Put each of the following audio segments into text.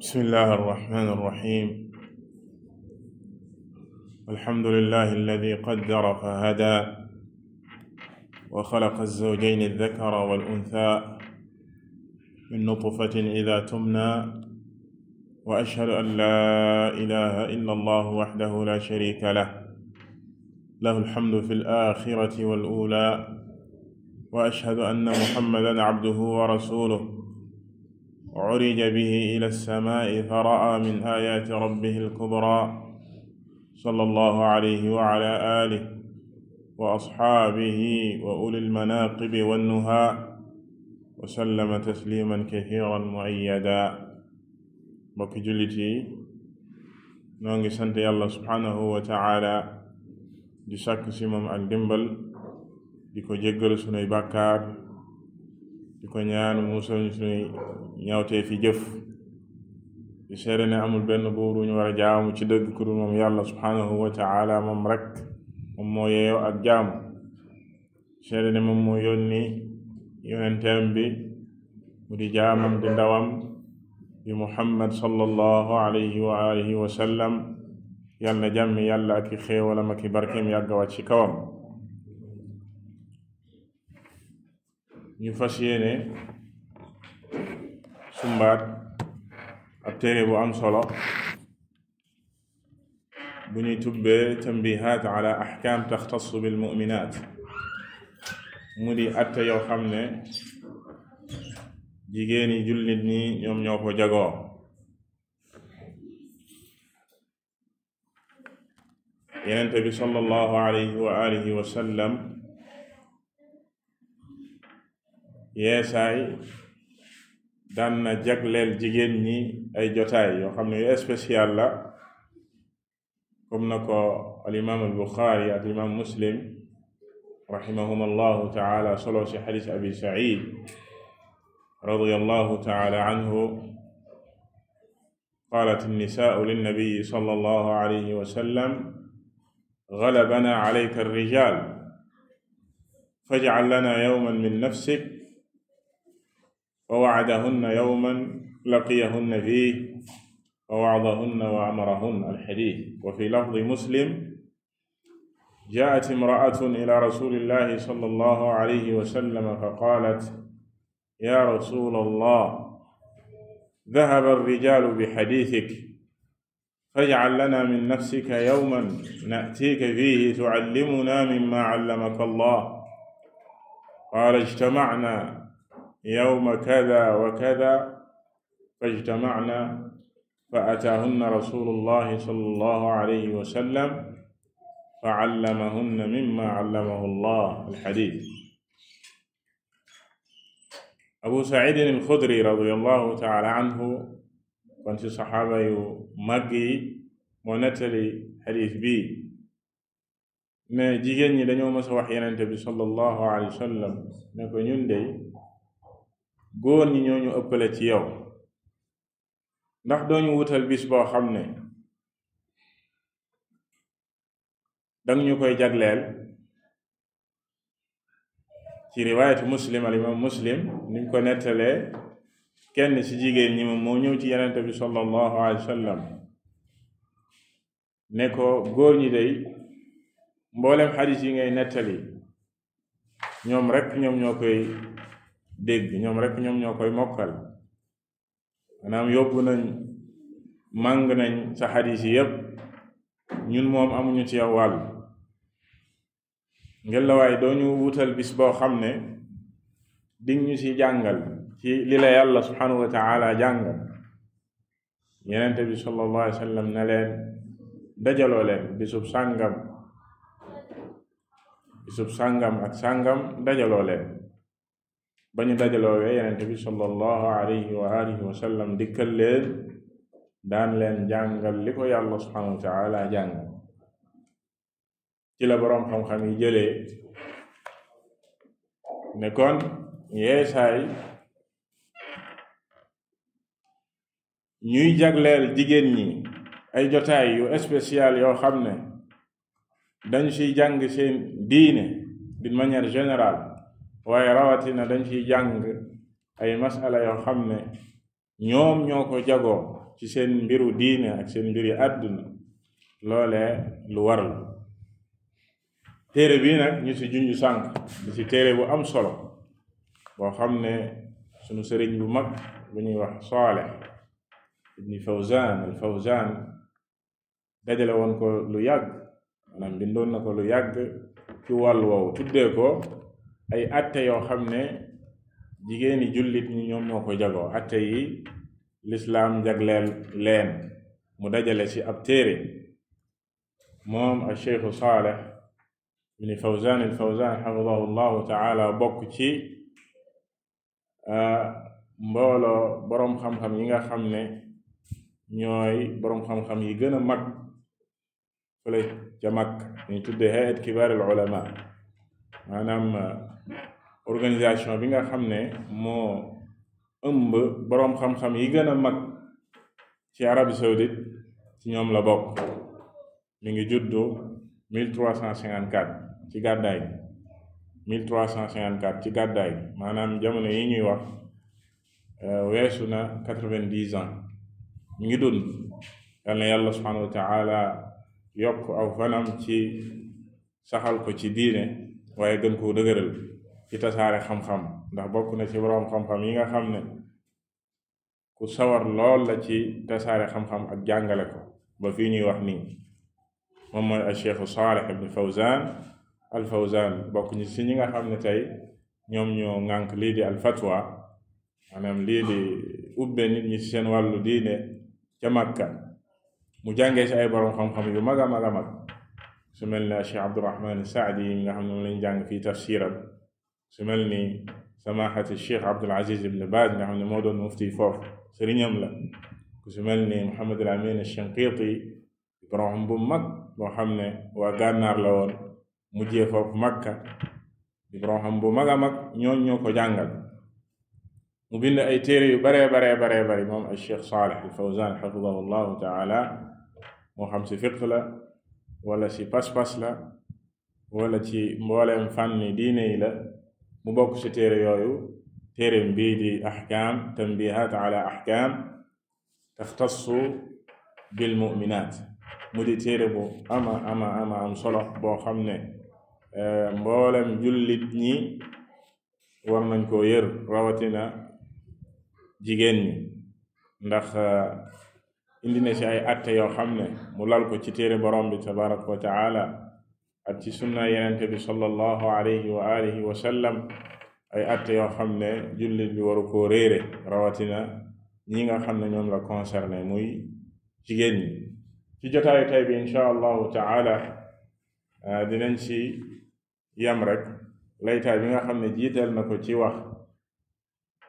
bismillahi arrahmani irrahim alhamdulilahi alladi qaddara fahada وخلق الزوجين الذكر والأنثى من نطفة إذا تمنى وأشهد أن لا إله إلا الله وحده لا شريك له له الحمد في الآخرة والأولى وأشهد أن محمدا عبده ورسوله urija bihi ila as-samaa'i fa ra'a min aayaati rabbihi al-kubraa sallallahu alayhi wa ala aalihi wa ashaabihi wa ulil manaaqibi wan-nuhaa wa sallama tasliiman kathiiran mu'ayyadaa mbokk jullit yi noo ngi sant yàlla subhaanahu wa ta'aala di sàkk si moom ak dimbal di ko jéggal sunuy bàkkaar di ko ñaan musal ñu suñuy ñawtee fi jëf di seere ne amul benn buur ñu war jaamu ci dëgg ku dul moom yàlla subhanahu wa rek moom moo yeew ak jaamu seere ne moom moo yónni yonenteem bi mu di jaamam di ndawam bi muhammad sallallahu alayhi wa alihi wa sallam yàlla na jàmmi yàlla ak i xéewalam ak i barkeem yàgg wàcc ci kawam ñu fas yéene sumbaat ab téere bu am solo bu ñuy tubbee tambihaat ala axkaam taxtassu bil muminat mu di atte yoo ne jigéen yi jullit ñi ñoom ñoo ko jagoo yenente bi sallallahu alayhi wa yeesaay daan na jagleel jigéen ñi ay jotaay yoo xam ne yu spécial la comme na ko alimaam albuxaari ak alimaam muslim rahimahum allahu taala solo si xadis abi said radiyallahu taala anhu qaalat annisaau linnabiyi sallallahu alayhi wa sallam galabana alayka alrijal fajcal lana yawman min nafsik wa wa'adahunna yawman laqiyahunna fiihi wa wa'adahunna wa amarahunna al-hadiith wa fii lafdi muslim jaa'at imra'atun ilaa rasuulillaahi sallallaahu alayhi wa sallam faqaalat yaa rasuulallaah dhahaba ar-rijaalu bihadiithik faj'al lanaa min nafsika yawman na'tiika fiihi tu'allimunaa mimmaa 'allamaka Allaah qaala ijtama'naa yawma kada wa kada fajtamacna fa ataahunna rasulullahi sallallahu alayhi wa sallam fa allamahunna mimma allamahu llah alxadit abu sacidin alxudri radiyallahu taala anhu kon ci saxaaba yu màgg yi moo nettali xadiis bi ne jigéen ñi dañoo mas a wax yenente bi sallallahu alayhi wa sallam ne ko ñun dey góor ñi ñoo ëppale ci yow ndax dooñu wutal bis boo xam ne danga ñu koy jagleel ci riwaayatu muslim al imam muslim ni ko nettalee kenn ci jigéen ñi moom moo ñëw ci yenente bi sallallahu alayhi wa ne ko góor ñi day mboolem xadis yi ngay nettali ñoom rek ñoom ñoo koy dégg ñoom rek ñoom ñoo koy mokkal maanaam yóbbu nañ màng nañ sa xadis yépp ñun moom amuñu ci yow wàll la waaye doo ñu wutal bis boo xam ne dig ñu ci jàngal ci li la yàlla subhanahu wa taala jàngal yenente bi sallallahu alayhi wa sallam ne leen dajaloo leen bisub sàngam bisub sàngam ak sàngam dajaloo leen ba ñu dajaloowee yenente bi sallallahu alayhi wa alihi wa daan leen jàngal li ko yàlla subhanahu wa taala jàng ci la boroom xam-xam yi jëlee ne kon yeesaay ñuy jagleel jigéen ñi ay jotaay yu spécial yoo xam ne dañ siy jàng seen diine d'une manière générale waaye rawatina dañ ciy jàng ay masala yoo xam ne ñoom ñoo ko jagoo ci seen mbiru diine ak seen mbiri àdduna loolee lu war la téere bii nag ñu ci junj sànq di ci téere bu am solo boo xam ne sunu sëriñ bu mag bu ñuy wax Saalih ibni Fawzan al Fawzan dajale ko lu yàgg maanaam bindoon na ko lu yàgg ci wàll woowu tuddee ko ay atte yoo xam ne jigéeni jullit ñi ñoom ñoo ko jagoo atte yi lislaam jagleel leen mu dajale ci ab téere moom al cheikhu saaleh ibn fawzan al fawzan taala bokk ci mbooloo boroom xam-xam yi nga xam ne ñooy boroom xam-xam yi gën a mag fële ca mag ñu tudde hayat kibaar al ulama organisation bi nga xam ne moo ëmb boroom xam-xam yi gën a mag ci Arabie saoudite ci ñoom la bokk mi ngi juddu mille trois cent cinquante quatre ci gàddaay mille trois cent cinquante quatre ci gàddaay maanaam jamono yi ngi wax euh, weesu na quatre-vingt-dix ans mi ngi dund yal na yàlla subhanahu yokk aw fanam ci saxal ko ci diine waaye gën ko dëgëral ci tasaare xam-xam ndax bokk na ci boroom xam-xam yi nga xam ne ku sawar lool la ci tasaare xam-xam ak jàngale ko ba fii ñuy wax nii moom mooy al cheikhu Saalih ibn Fawzan al si ñi nga xam ne tey ñoom ñoo ŋànk lii di al fatwa maanaam lii di ubbe nit ñi seen wàllu diine ca Makka mu jàngee ci ay boroom xam-xam yu mag a mag a mag su mel ne al cheikh Abdurahman Saadi yi nga xam ne moom lañ jàng fii tafsiram su mel ni samaxati cheikh Abdul Aziz Ibn Baaz nga xam ne moo doon mufti foofu sëriñam la ku su mel ni Muhammad al Amin Shinqiti borom bu mag boo xam ne waa gànnaar la woon mujjee foofu Makka di bu mag a mag ñooñ ñoo ko jàngal mu bind ay téere yu bare baree baree bari moom al Fawzaan xafidahu llahu taala moo xam si la wala si pas la wala ci mboole fànni diine yi la mu bokk ci téere yooyu téere mbii di axkaam tanbihat ala axkaam taxtassu bil muminat mu di téere bu ama ama am solo boo xam ne eh, mboolem jullit ñi war nañ koo yër rawatina jigéen ñi ndax eh, indi na ci ay atte yoo xam ne mu lal ko ci téere borom bi tabaraka wa taala ak ci sunna yenente bi sallallahu alayhi wa ay atte yoo xam ne jullit bi waru koo réere rawatina ñi nga xam ne ñoom la concerné muy jigéen ñi ci jotaayu tay bi insha allahu taala ah, dinañ ci yam rek laytaay bi nga xam ne jiital na ko ci wax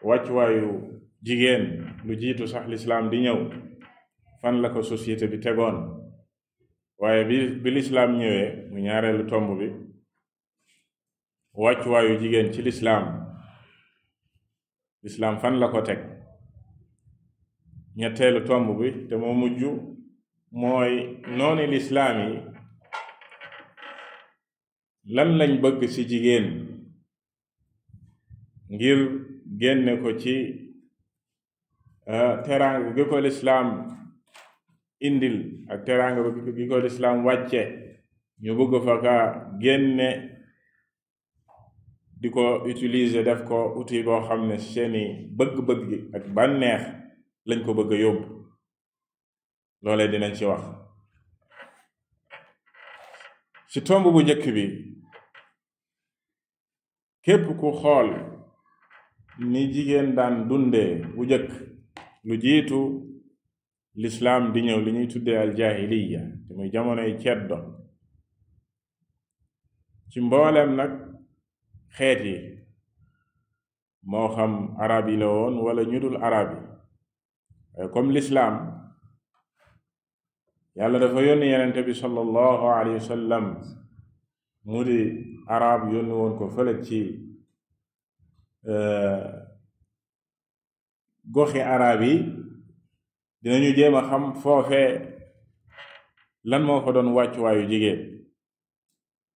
wàccuwaayu jigéen lu jiitu sax lislam di ñëw fan la ko société bi tegoon waaye bi bi lislaam ñëwee mu ñaareelu tomb bi wàccuwaayu jigéen ci lislaam lislam fan la ko teg ñetteelu tomb bi te moo mujj mooy nooni lislaam yi lan lañ bëgg ci jigéen ngir génne ko ci ah, teraanga gi ko lislaam indil ak teraanga gi ko lislaam wàcce ñu bëgg fa ka génne di ko utiliser def ko outil boo xam ne seeni bëgg-bëgg gi ak lañ ko bëgg a loole loolee dinañ ci wax ci tomb bu njëkk bi képp ku xool ni jigéen daan dunde bu njëkk lu jiitu lislaam di ñëw li ñuy tuddee al jaahiliya te muy jamonoy ceddo ci mbooleem nag xeet yi moo xam arab yi la woon wala ñu dul arab yi waaye comme lislaam yàlla dafa yónni yenente bi sallallahu alayhi wa mu di araab yónni woon ko fële ci euh, goxi arab yi dinañu jéem a xam foofee lan moo fa doon wàccuwaayu jigéen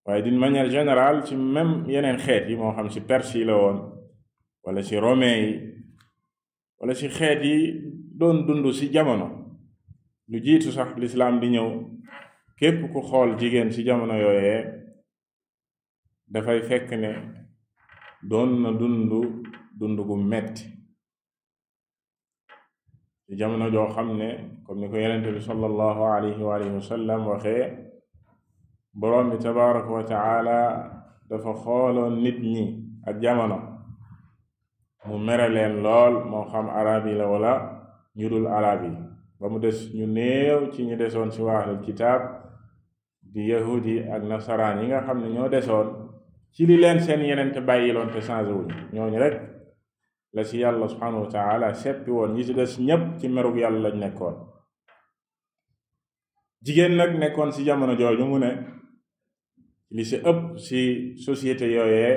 waaye d'une manière général ci même yeneen xeet yi moo xam ci perse la woon walla ci romain yi wala ci xeet yi doon dund ci jamono lu jiitu sax lislaam di ñëw képp ku xool jigéen ci jamono yooyee dafay fekk ne doon na dund dund gu metti ci jamono joo xam ne comme ni ko yenente bi sallallahu alayhi wa alihi wasallam waxee boroom bi tabaraka wa taala dafa xooloon nit ñi ak jamono mu mere leen lool moo xam arab yi la wala ñu dul arab yi ba mu des ñu néew ci ñu desoon ci waaxlul kitaab di yahud ak nasaraan yi nga xam ne ñoo desoon ci li leen seen yenente bàyyiloon te changé wuñu ñooñu rek la si yàlla subhanahu wa taala seppi woon ñi si des ñépp ci meruk yàlla lañ nekkoon jigéen nag nekkoon si jamono jooju mu ne li ci ëpp si société yooyee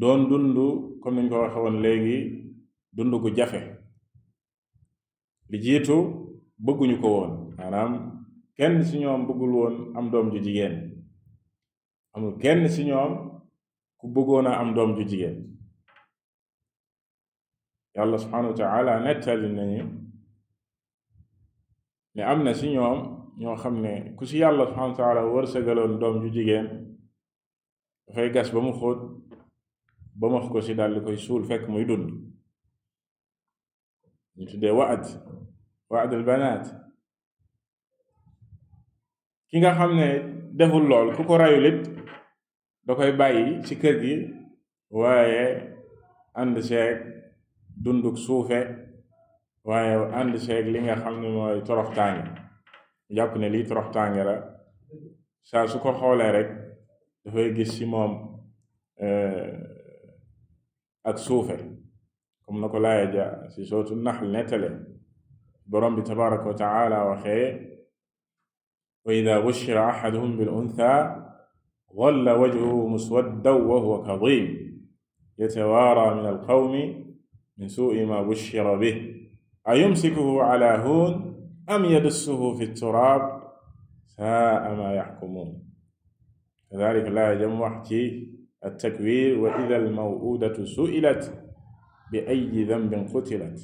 doon dund comme niñ ko waxe woon léegi dundu gu jafe li jiitu bëgguñu ko woon maanaam kenn si ñoom bëggul woon am doom ju jigéen amul kenn si ñoom ku bëggoon a am doom ju jigéen yàlla subhanahu wa nettali nañu ne am na si ñoom ñoo xam ne ku si yàlla subhanahu wa taala wërsëgaloon doom ju jigéen dafay gas ba mu xóot ba max ko si daldi koy suul fekk muy dund ñu tuddee waad waadul banaat ki nga xam ne deful lool ku ko rayul da koy bàyyi ci kër gi waaye ànd seeg dunduk suufe waaye ànd seeg li nga xam ne mooy toroxtaange jàpp ne lii toroxtaange la saa su ko xoolee rek dafay gis ci moom e, ak suufe comme na ko laaya ja ci sootu naxl nettale borom bi tabaraka wa taala waxee wa ida bushira axaduhum bil untha walla wajhuhu muswaddan wa huwa kadim yatawaara min alqawmi min suui ma bushira bih ayumsikuhu ala hun am yadussuhu fi turaab saa ma yaxkumuun kadalik laa jëm wax ci attakwir wa ida almawudatu suilat bi ayi dambin qutilat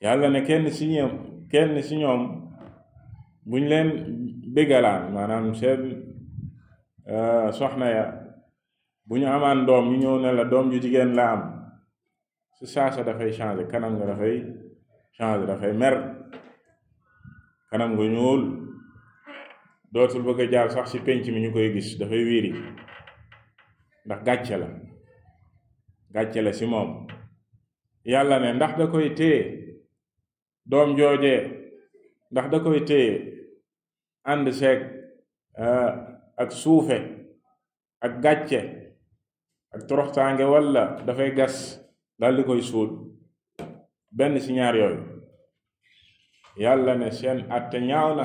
yàlla ne kenn si ñoom kenn si ñoom buñ leen bégalaan maanaam seen soxna ya bu ñu amaan doom ñu ñëw ne la doom ju jigéen la am su saasa dafay changé kanam nga dafay changé dafay mer kanam nga ñuul dootul bëgg a jaar sax ci penc mi ñu koy gis dafay wiiri ndax gàcce la gàcce la si moom yàlla ne ndax da koy téye doom joojee ndax da koy téye ànd seeg eh, ak suufe ak gàcce ak toroxtaange walla dafay gas daal di koy suul benn ci ñaar yooyu yàlla ne seen atte ñaaw na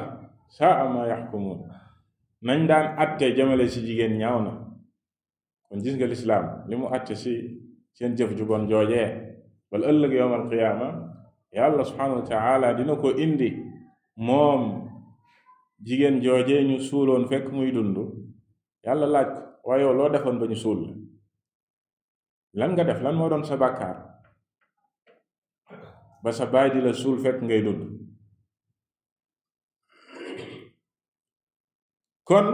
saa ma yaxkumuun nañ daan atte jëmale ci jigéen ñaaw na kon gis nga lislaam li mu atte ci seen jëf ju bon joojee bal ëllëg yowm al yàlla subhaanahu wa dina ko indi moom jigéen joojee ñu suuloon fekk muy dund yàlla laaj ko waaye yow defoon ba ñu suul lan nga def lan moo doon sa bàkkaar ba sa baay di suul fekk ngay dund kon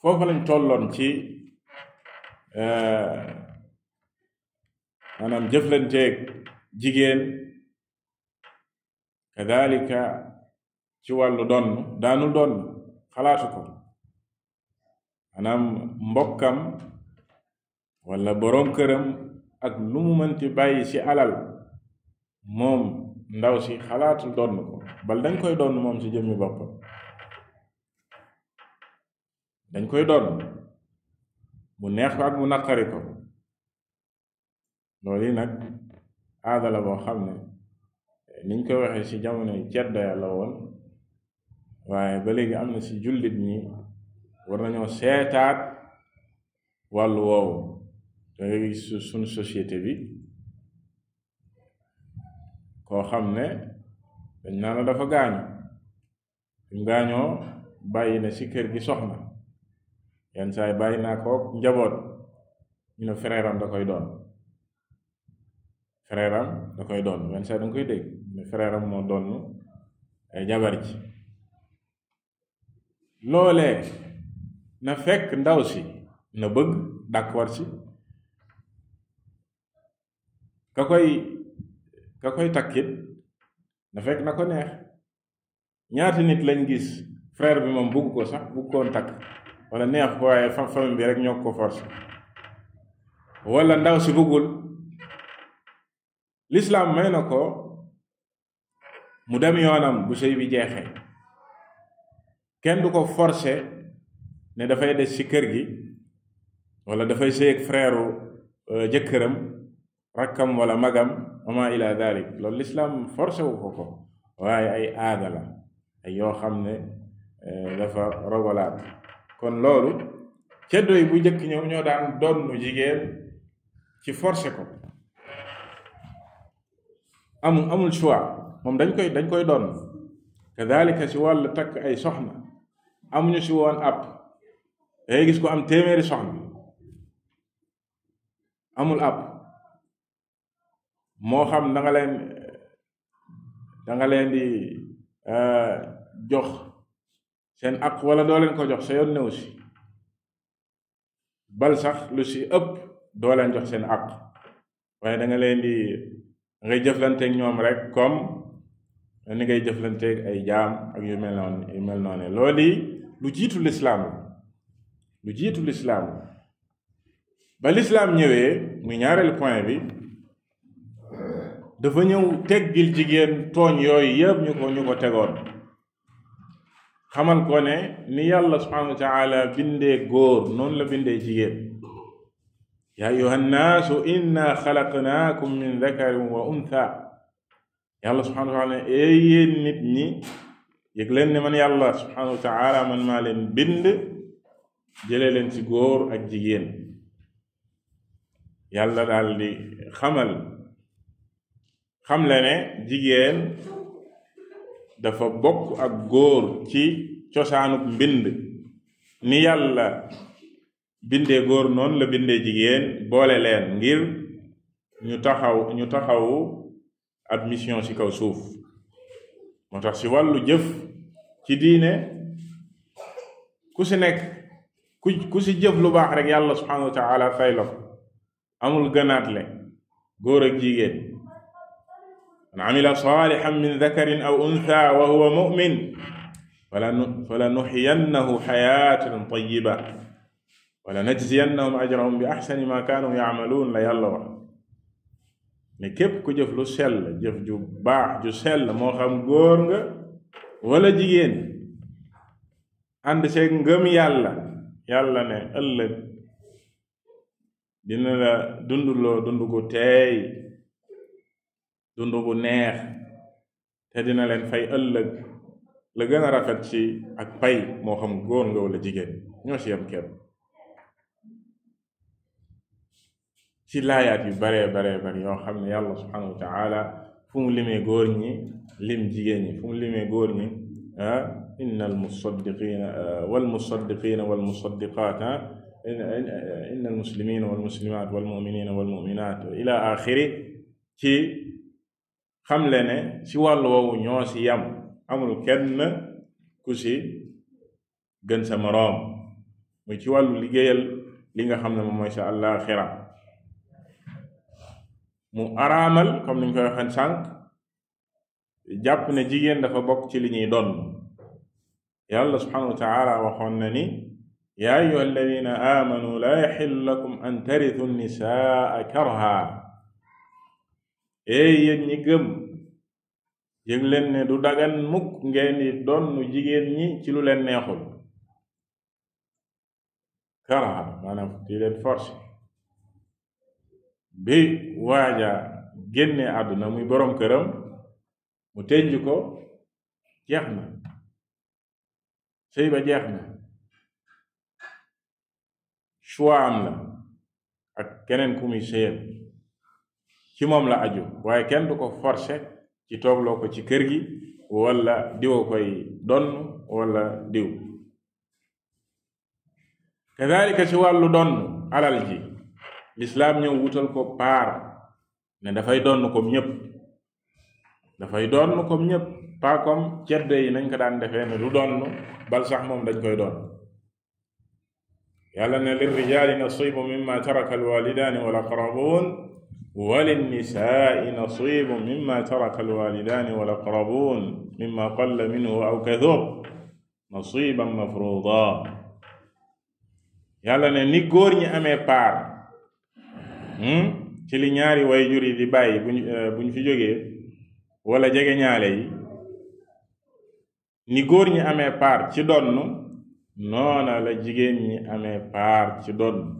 foofu lañ tolloon ci euh, maanaam jëflanteeg jigéen kadalika ci wàllu donn daanu donn xalaatu ko maanaam mbokkam wala boroom këram ak lu mu mënti bàyyi ci alal moom ndaw si xalaatul donn ko bal dañ koy donn moom ci jëmmi boppam dañ koy donn mu neex ko ak mu naqari ko loolu yi nag aadala boo xam ne niñ koy waxee ci jamono ceddo ya la woon waaye ba léegi am na ci jullit ñi war nañoo seetaat wàllu woowu da nga gis suñu société bi koo xam ne dañ naa na dafa gaañu suñ gaañoo bàyyi na ci kër gi soxna yenn saay bàyyi naa kook njaboot ñu ne frère da koy doon frère da koy doon yenn saay da nga koy dégg ne frère moo doon ay jabar ji loolee na fekk ndaw si na bëgg d'accord si ka koy ka koy takkit na fekk na ko neex ñaata nit lañ gis frère bi moom bugg ko sax bugg koon takk wala neex ko waaye fa bi rek ñoo ko force wala ndaw si buggul lislaam may na ko mu dem yoonam bu sëy bi jeexee kenn du ko forcer ne dafay des ci kër gi wala dafay sëy ak frère euh, jëkkëram rakkam wala magam wama ila dalik loolu lislaam forcé wu ko ko waaye ay aada la ay yoo xam ne eh, dafa rogalaat kon loolu ceddo yi bu njëkk ñoom ñoo daan donnu jigéen ci forcé ko amul amul choix moom dañ koy dañ koy donn kadalika si wàllu takk ay soxna amuñu si woon app day gis ko am téeméeri soxna amul app moo xam da leen da leen di euh, jox seen ak wala doo leen ko jox sa yoon new bal sax lu si ëpp doo leen jox seen ak waaye danga nga leen di dangay jëflanteek ñoom rek comme ni ngay jëflanteeg ay jaam ak yu mel noonu yu mel noonu loolu yi lu jiitu lislaam la lu jiitu lislaam la ba lislaam ñëwee muy ñaareelu point bi dafa ñëw teggil jigéen tooñ yooyu yëpp ñu ko ñu ko tegoon xamal ko ne ni yàlla subhanahu wa taala bindee góor noonu la bindee jigéen yaa ayuha inna xalaqnaakum min dakarin wa untha yàlla subhanahu wa ne ee yéen nit ñi yëg leen ne man yàlla subhanahu wa man maa leen bind jëlee leen ci góor ak jigéen yàlla daal di xamal xam le ne jigéen dafa bokk ak góor ci cosaanuk mbind ni yàlla bindee góor noonu la bindee jigéen boole leen ngir ñu taxaw ñu taxawu ab mission ci kaw suuf moo tax ci wàllu jëf ci diine ku si nekk ku ku si jëf lu baax rek yàlla subhanahu wa taala la ko amul gënaat le góor ak jigéen man amila salihan min dakarin aw untha wa huwa mu'min falanuhyiyannahu hayatan tayyiba walanajziyannahum ajrahum bi ahsani ma kaanu ya'maluun la yàlla wax ne képp ku jëf lu sell jëf ju baax ju sell moo xam góor nga wala jigéen ànd seeg ngëm yàlla yàlla ne ëllëg dina la dunduloo dund ko teey dund bu neex te dina leen fay ëllëg la gën a rafet ci ak pay moo xam góor nga wala jigéen ñoo ci yam kenn ci laayaat yu bare baree bari yoo xam ne yàlla subhanahu wa taala fu mu limee góor ñi lim jigéen ñi fu mu limee góor ñi ah inna almusaddiqina walmusaddiqina walmusaddiqaata ah, inna almuslimina walmuslimat walmuminina walmuminat ci xam ne ci wàll woowu ñoo ci yam amul kenn ku ci gën sa moroom muy ci wàllu liggéeyal li nga xam ne moom mooy sa àllaaxira mu araamal comme niñ koy waxee sànq jàpp ne jigéen dafa bokk ci li ñuy doon yàlla subhanahu wa taala waxoon na ni yaa ayuha alladina amanu laa yaxillu lakum an tarithu nisaa karha ey yéen ñi gëm yëg leen ne du dagan mukk ngeen di doon nu jigéen ñi ci lu leen neexul karaan maanaam di leen force bi waaja génne àdduna muy boroom këram mu tënj ko jeex na sëy ba jeex na choix am la ak keneen ku muy sëyal ci moom la aju waaye kenn du ko forcer ci toogloo ko ci kër gi wala diwa koy donn wala diw kadalika ci wàllu donn alal ji lislaam ñëw wutal ko paar ne dafay donn comme ñépp dafay donn comme ñépp pas comme ceddo yi nañ ko daan defee ne du donn bal sax moom dañ koy donn yàlla ne lirrijaali nasibu mimma taraka alwalidaani wal aqrabuun وللنساء نصيب مما ترك الوالدان والأقربون مما قل منه أو كثر نصيبا مفروضا yàlla ne ni góor ñi amee paar hmm, ci li ñaari way jur yi di bàyyi buñ euh, buñ fi jógee wala jege ñaale yi ni góor ñi amee paar ci donn noona la jigéen ñi amee paar ci donn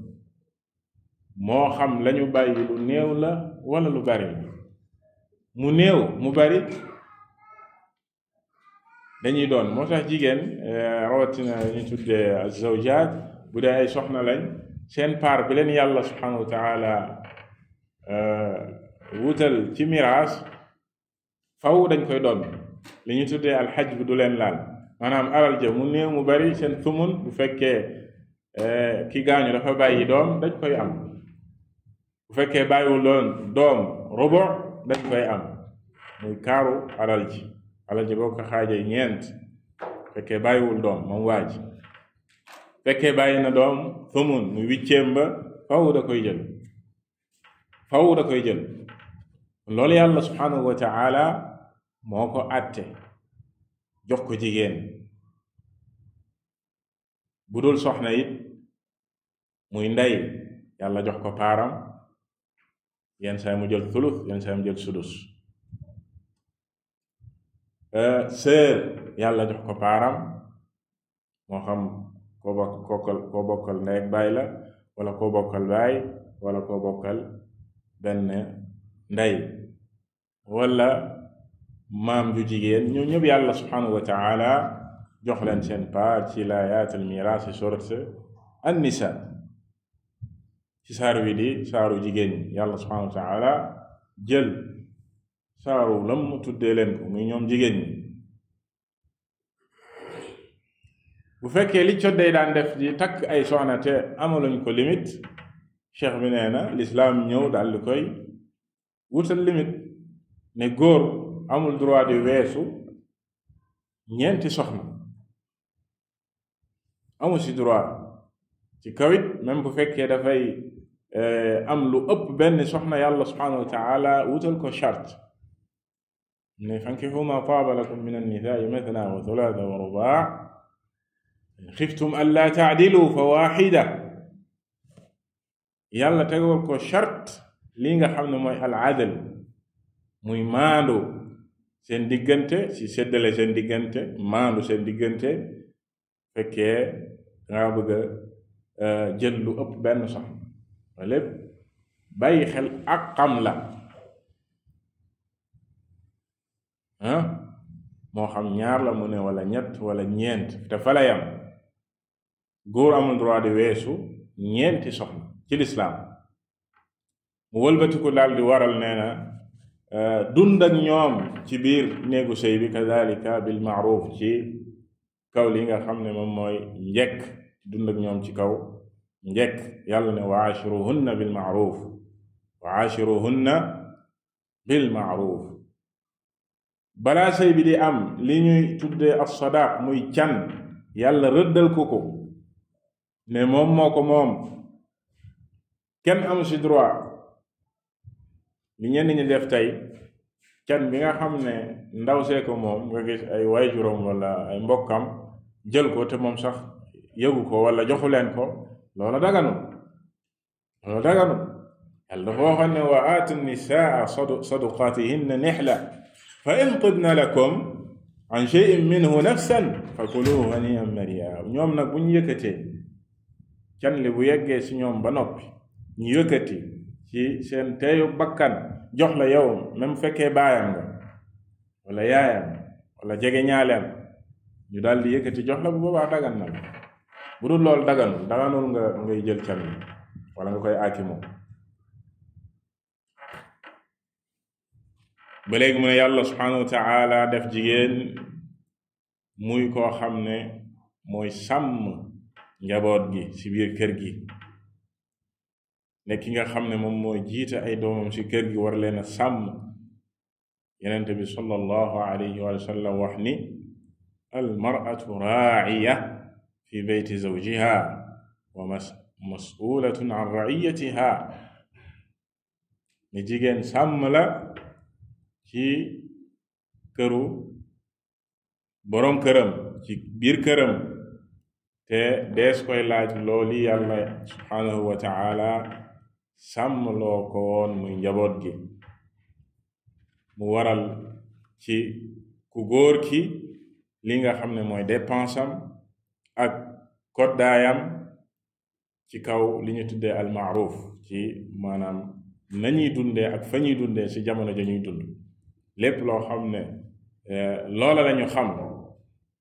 moo xam lañu bàyyi lu néew la wala lu bari mu néew mu bari dañuy doon moo tax jigéen eh, rawatina ñu tuddee azawjaat bu dee ay soxna lañ seen part bi leen yàlla subhanahu wa taala eh, wutal ci miraas faw dañ koy doon li ñu tuddee alxaj bi du leen laal maanaam alal ja mu néew mu bari seen tumun bu fekkee eh, ki gaañu dafa bàyyi doom dañ koy am bu fekkee bàyyiwul loon doom rubu dañ koy am muy kaaru alal ji alal ji boo ko xaajee ñeent fekkee bàyyiwul doom moom waa ji fekkee bàyyi na doom thumun muy wicceem ba faw da koy jël faw da koy jël loolu yàlla subhanahu wa taala moo ko àtte jox ko jigéen bu dul soxna it muy ndey yàlla jox ko paaram yenn saa yi mu jël thuluth yenn saa yi mu jël sudus eh, sœur yàlla jox ko paaram moo xam koo bokk kookal koo bokkal ndey ak baay la wala koo bokkal baay wala koo bokkal benn ndey wala maam ju jigéen ñu ñëpp yàlla subhanahu wa taala jox leen seen paar ci laayaat al miraas suurat an-nisaa ci saar wi di saaru jigéen ñi yàlla subhanahu wa taala jël saaru lam tuddee leen ko muy ñoom jigéen ñi bu fekkee li codday daan def di takk ay soxna te ko limite cheikh bi nee na lislaam ñëw daal koy wutal limite ne góor amul droit di weesu ñeenti soxna amu si droit ci kawit même bu fekkee dafay Eh, am lu ëpp benn soxna yàlla subhanahu wa taala wutal ko charte ne fankihu ma taaba lakum min annisaai mathna wa thulaatha wa rubaa in xiftum taadilu fa waaxida yàlla tegal ko charte lii nga xam ne mooy al adal muy maandu seen diggante si séddale seen diggante maandu seen diggante fekkee dangaa bëgg eh, lu ëpp benn soxna lépp bàyyi xel ak xam la moo xam ñaar la mu ne wala ñett wala ñeent te fa la amul droit di weesu ñeenti soxna ci lislaam mu wëlbatiku daal di waral nee na euh, dund ak ñoom ci biir néegu sëy bi kadalika bil maaruf ci kaw li nga xam ne moom mooy njekk dund ak ñoom ci kaw njekk yàlla ne wa aashiruhunna bil ma'ruf wa aashiruhunna bil ma'ruf balaa sëy bi di am li ñuy tuddee as sadaq muy can yàlla rëddal ko ko ne moom moo ko moom kenn amu ci droit li ñenn ñi def tey can bi nga xam ne ndaw see ko moom nga gis ay wala ay mbokkam jël ko te moom sax yëgu ko wala joxu leen ko loola daganu loola daganu yàlla dafa waxoon ne wa aatu nisaa saduqaatihinna nihla fa in tibna lakum an shay'in minhu nafsan fa kuluhu haniyan mariya ñoom nag bu ñu yëkkatee can li bu yeggee si ñoom ba noppi ñu yëkkati ci seen teeyu bakkan jox la yow même fekkee baayam nga wala yaayam wala jege ñaaleem ñu daal di yëkkati jox la bu boobaa dagan na bu dul loolu daganul daganul nga ngay jël can wala nga koy aakimoo ba léegi mu yàlla subhanahu wa taala def jigéen muy koo xam ne mooy sàmm njaboot gi ci biir kër gi nekk ki nga xam ne moom mooy jiite ay doomam ci kër gi war leen sàmm yenente bi sallallahu alayhi wa sallam wax ni al mar'atu fi beyti zawjiha wa mas'ulatun an ra'iyatiha ni jigéen sàmm la ci këru boroom këram ci biir këram te dees koy laaj looli yàlla subhaanahu wa ta'ala sàmm ko woon muy njaboot gi mu waral ci ku góor ki li nga xam ne mooy dépensam ak koddaayam ci kaw li ñu tuddee almaaruf ci maanaam nañuy dundee ak fa ñuy dundee ci jamono ja ñuy dund lépp loo xam ne eh, loola lañu xam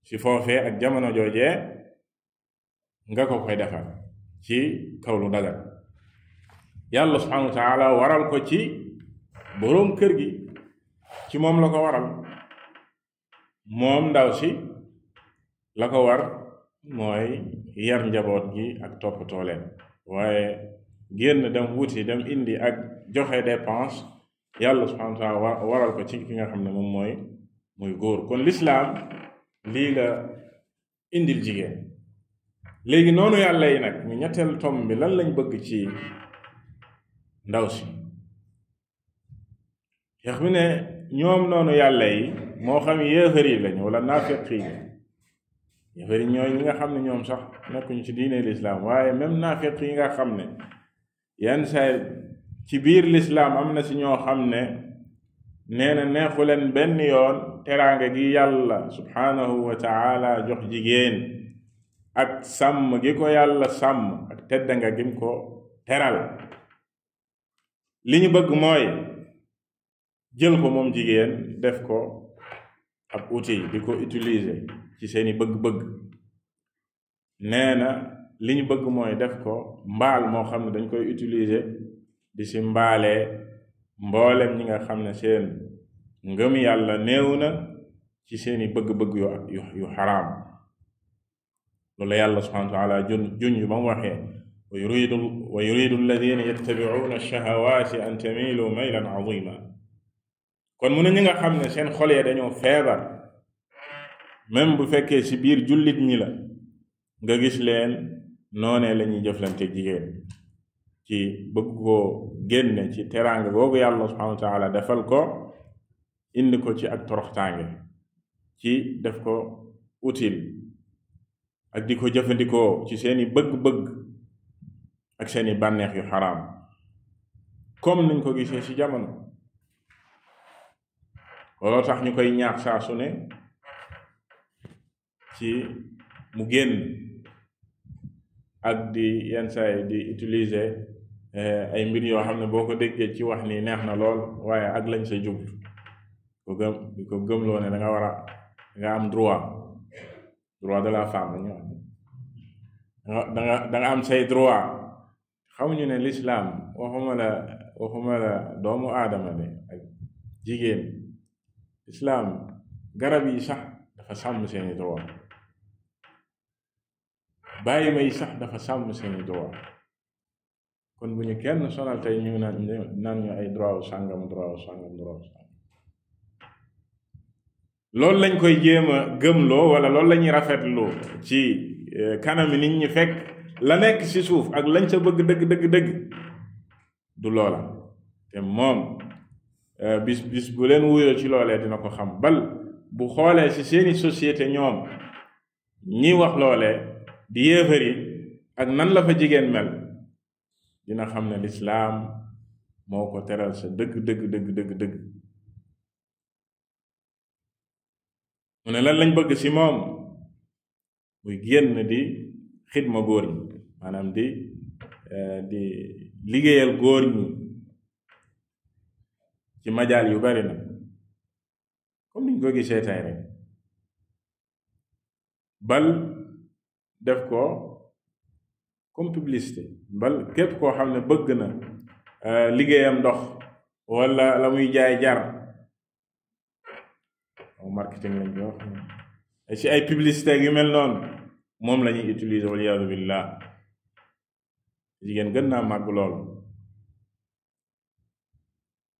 ci foofee ak jamono joojee nga ko koy defar ci kaw lu dagal yàlla subhanahu wa waral ko ci boroom kër gi ci moom la ko waral moom ndaw si la ko war mooy yar njaboot gi ak toppatoo leen waaye génn dem wuti dem indi ak joxe dépense yàlla subhanahu waral ko ci ki nga xam ne moom mooy muy góor kon lislaam lii la indil jigéen léegi noonu yàlla yi nag ñu ñetteel tom bi lan lañ bëgg ci ndaw si yax bi ne ñoom noonu yàlla yi moo xam yéefar yi lañu wala naafiq yi yëfari ñooy ñi nga xam ne ñoom sax nekkuñu ci diine lislaam waaye même naafeq yi nga xam ne yenn saay ci biir lislaam am na si ñoo xam ne nee na neexu benn yoon teraanga gi yàlla subhaanahu wa taala jox jigéen ak sàmm gi ko yàlla sàmm ak teddanga gim ko teral li ñu bëgg mooy jël ko moom jigéen def ko ab outil di ko utiliser ci seeni bëgg-bëgg nee na ñu bëgg mooy def ko mbaal moo xam ne dañ koy utiliser di si mbaalee mboolem ñi nga xam ne seen ngëm yàlla néew na ci seeni bëgg-bëgg yu xaraam loolu yàlla subhanahu wa taala jun junj ba mu waxee wa yuridu wa yuridu alladina yattabi'una ash an tamilu maylan azima kon mu ne ñi nga xam ne seen xol ya dañoo feebar même bu fekkee ci biir jullit ñi la nga gis leen noonee la ñuy jëflante jigéen ci bëgg koo génne ci teraanga googu yàlla subhanahu wa defal ko indi ko ci ak toroxtaange ci def ko utile ak di ko jëfandikoo ci seeni bëgg-bëgg ak seeni bànneex yu xaraam comme niñ ko gisee ci jamono looloo tax ñu koy ñaax saa su ci mu génn ak di yenn saay di utiliser eh, ay mbir yoo xam ne boo ko déggee ci wax ni neex na lool waaye ak lañ sa jublu ko gëm ko gëmloo ne da nga war a am droit droit de la femme danga da nga am say droit ñu ne lislaam waxuma la waxuma la doomu aadama de ak jigéen lislaam garab yi sax dafa sàmm seeni droit bàyyi ma yi sax dafa sàmm seeni droit kon bu ñu kenn sonal tey ñu naan naan ñu ay droit sàngam droit sàngam droit sàngam loolu lañ koy jéem a gëmloo wala loolu lañuy ñuy rafetlu ci eh, kanami nit ñi fekk la nekk ci suuf ak lañ sa bëgg dëgg dëgg dëgg du loola te moom eh, bis bis bu leen wuyoo ci loolee dina ko xam bal bu xoolee ci seeni société ñoom ñi wax loolee di yéefar yi ak nan la fa jigéen mel dina xam ne lislaam moo ko teral sa dëgg dëgg dëgg dëgg dëgg mu ne lañ bëgg ci moom muy génn di xidma góor ñi maanaam di eh, di liggéeyal góor ñi ci majaal yu bari na comme niñ ko gisee tey rek bal def ko comme publicité bal képp koo xam ne bëgg na euh, liggéeyam ndox walla la muy jaay jar marketing lañ koy wax ci ay publicité yu mel noonu moom la ñuy utiliser billah jigéen gën naa màgg lool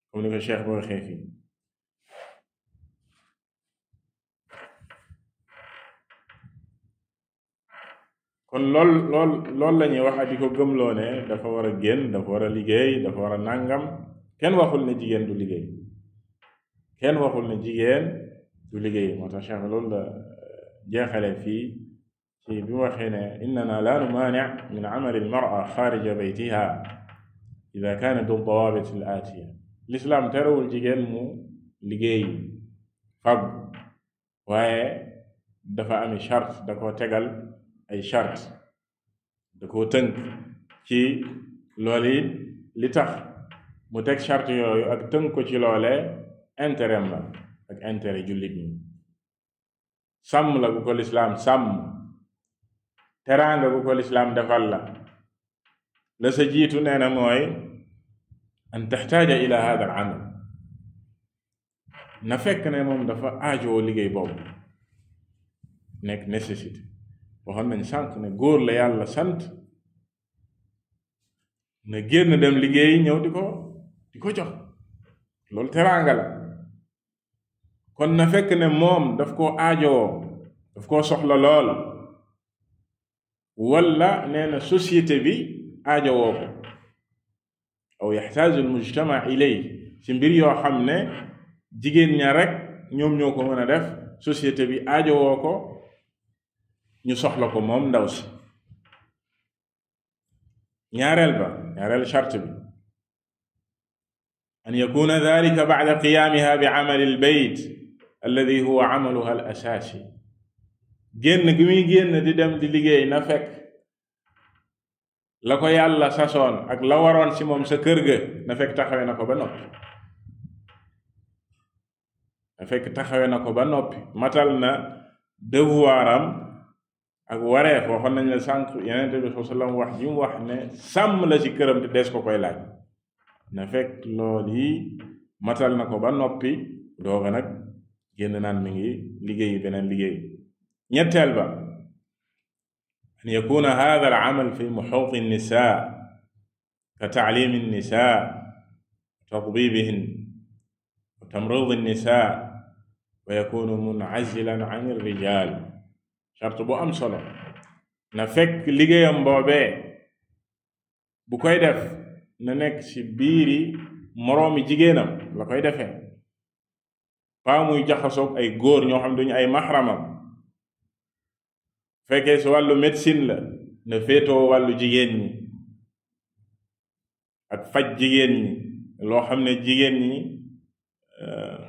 comme ni ko cheikh bo waxee kon lool lool loolu la ñuy wax di ko gëmloo ne dafa war a génn dafa war a liggéey dafa war a nàngam kenn waxul ne jigéen du liggéey kenn waxul ne jigéen du liggéey moo tax euh, jeexale fii ci bi waxee ne innana la numaani min amali almara xaarija baytiha ida kaanat aldawabit al aatiya lislaam terewul jigéen mu liggéey fab waaye dafa ami charte da koo tegal ay charte da ko tënk ci loolu li tax mu teg charte yooyu ak tënk ko ci loole intérêt la ak intérêt jullit ñi sàmm la gu ko lislaam sàmm teraanga gu ko lislaam defal la la sa jiitu nee na mooy an taxtaaja ila hada al na fekk ne moom dafa aajoo liggéey boobu nekk nécessité waxoon nañ sànq ne góor la yàlla sant na génn dem liggéey ñëw di ko di ko jox loolu teraanga la kon na fekk ne moom daf koo aajowoo daf koo soxla lool wala nee na société bi aajowoo ko aw yaxtaaju almujtama ilay ci mbir yoo xam ne jigéen ña rek ñoom ñoo ko mën a def société bi aajowoo ko ñu soxla ko moom ndaw si ñaareel ba ñaareel charte bi an yakuna dalika bacda qiyaamiha bi camali al asaasi génn gi muy génn di dem di liggéey na fekk la ko yàlla sa soon ak la waroon ci moom sa kër ga na fekk taxawe na ko ba noppi taxawe na ko ba noppi matal na devoiram ak wareef waxoon nañ la sànq yeneen bi sallallahu alayhi wax ji wax ne sàmm la ci këram te des ko koy laaj na fekk lool yi matal na ko ba noppi dooga nag génn naan mi ngi liggéeyi beneen liggéey ñetteel ba an yakuna hadha al fi muxuqi nisa ka taalimi nisa tatbibihin wa tamridi nisa wa yakunu muncazilan an irrijal charte boo am solo na fekk liggéeyam boobee bu koy def na nekk ci biiri moroomi jigéenam la koy defee paa muy jaxasoog ay góor ñoo xam ne duñu ay maxramam fekkee si wàllu médecine la na féetoo wàllu jigéen ñi ak faj jigéen ñi loo xam ne jigéen ñi euh,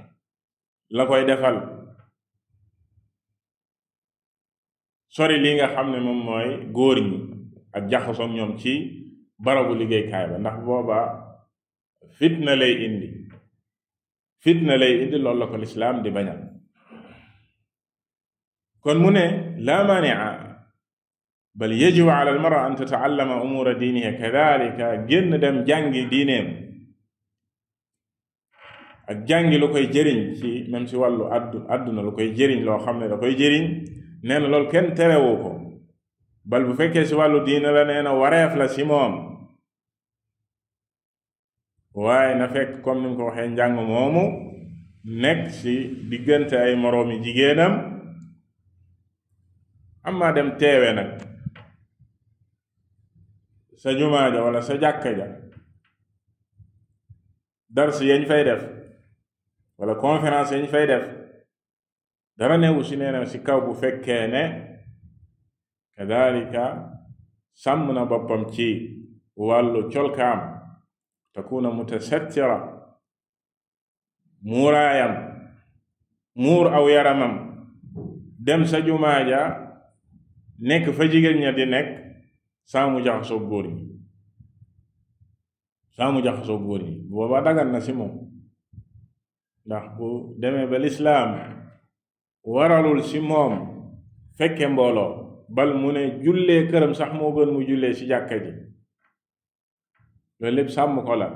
la koy defal sori li nga xam ne moom mooy góor ñi ak jaxasoom ñoom ci barabu liggéeykaay ba ndax booba fitna lay indi fitna lay indi loolu la ko lislaam di bañal kon mu ne laa maania bal yajibu ala almara an tataallama umuura diiniha kadalika génn dem jàngi diineem ak jàngi lu koy jëriñ ci même ci wàllu àdduna adduna lu koy jëriñ loo xam ne da koy jëriñ nee na loolu kenn terewu ko bal bu fekkee si wàllu diina la nee na wareef la si moom waaye na fekk comme ni mu ko waxee njàng moomu nekk si diggante ay moroomi jigéenam amma dem teewe nag sa jumaa ja wala sa jàkka ja dars yañ fay def wala conférence yañ fay def dara newu si nee si kaw bu fekkee ne kadalika sàmm na boppam ci wàllu colkaam takuna mutasattira muuraayam muur aw yaramam dem sa jumaaja nekk fa jigéen ña di nekk saamu jaxasoo góor ñi saamu jaxasoo góor ñi booba dagan na si moom ndax bu demee ba lislaam waralul ci moom fekke mbooloo bal mu ne jullee këram sax moo gën mu jullee ci jàkka ji loolu lépp sàmm ko la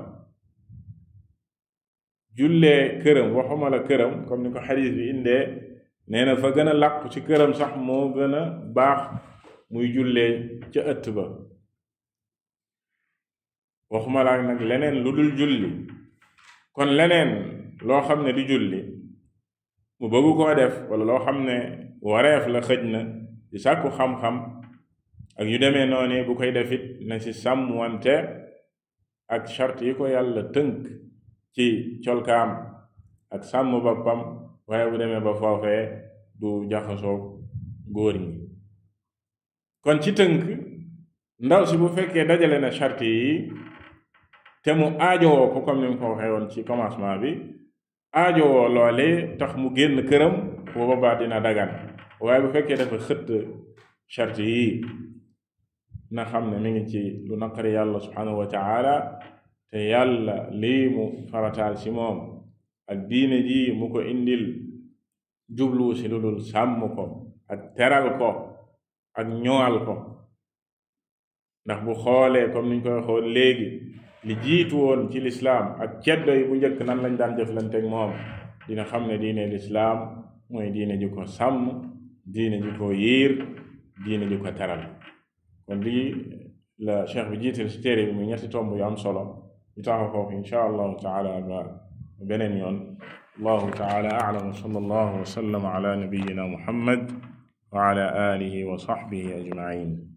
jullee këram waxuma la këram comme ni ko xadis bi indee nee fa gën a làkku ci këram sax moo gën a baax muy jullee ca ëtt ba waxuma la nag leneen lu dul julli kon leneen loo xam ne di julli mu bëgg ko def wala loo xam ne wareef la xëj na ci sàkku xam-xam ak yu demee noonu bu koy def it na ci sàmmwante ak charte yi ko yàlla tënk ci colkaam ak sàmm boppam waaye bu demee ba foofee du jaxasoo góor ñi kon ci tënk ndaw si bu fekkee dajale na charte yi te mu aajowoo ko comme ni mu ko waxee ci commencement bi aajowoo loole tax mu génn këram bu boobaa dina dagan waaye bu fekkee dafa xëtt charte yii na xam ne mi ngi ci lu naqari yàlla subhanahu wa taala te yàlla lii mu farataal ci moom ak diine ji mu ko indil jublu ci lu dul sàmm ko ak teral ko ak ñoŋal ko ndax bu xoolee comme niñ koy xool léegi li jiitu woon ci lislaam ak ceddo yi bu njëkk nan lañ daan jëflanteeg moom dina xam ne diine lislaam mooy diine ju ko sàmm diine ju yiir diine ju ko teral la cheikh bi jiital si téere mu muy ñetti tomb yu am solo ñu taxaw foofu taala ba beneen yoon allahu taala alam wa sal wa sallam ala nabiyina muhammad wa ala alihi wa sahbihi ajmain